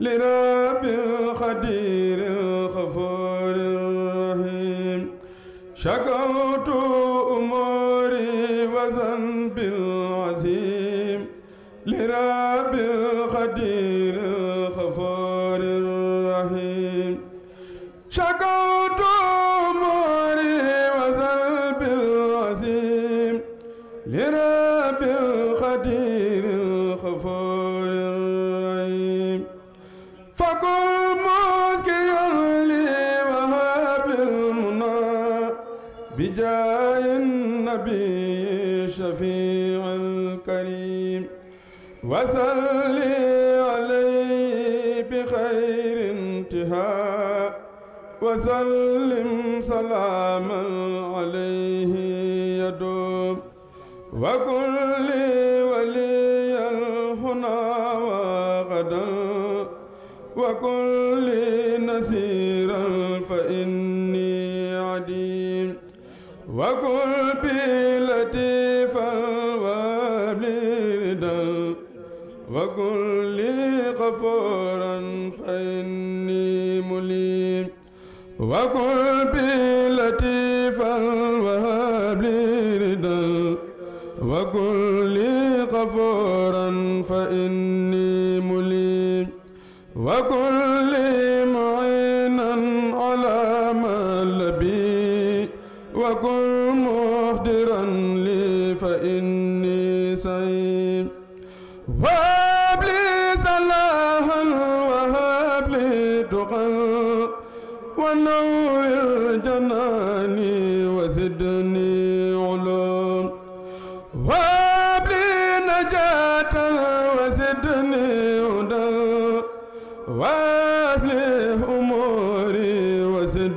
لرب القدير الغفور الرحيم شكوت أموري وذنب العظيم لرب القدير الغفور الرحيم شكوت أموري وذنب العظيم لرب القدير بجاه النبي شفيع الكريم وسل عليه بخير انتهاء وسلم سلاما عليه يدوم وكل ولي الهنا وغدا وكن لي نسيرا فإني عديم وكن بي لطيفا وابلدا وكن لي غفورا فإني مليم وكن بي لطيفا وابلدا وكن لي غفورا فإني مليم وكل معينا على ما لبي وكن مهدرا لي فإني سيد وهب لي صلاحا وهب لي تقى ونور جناني وزدني علوم وهب لي نجاة وزدني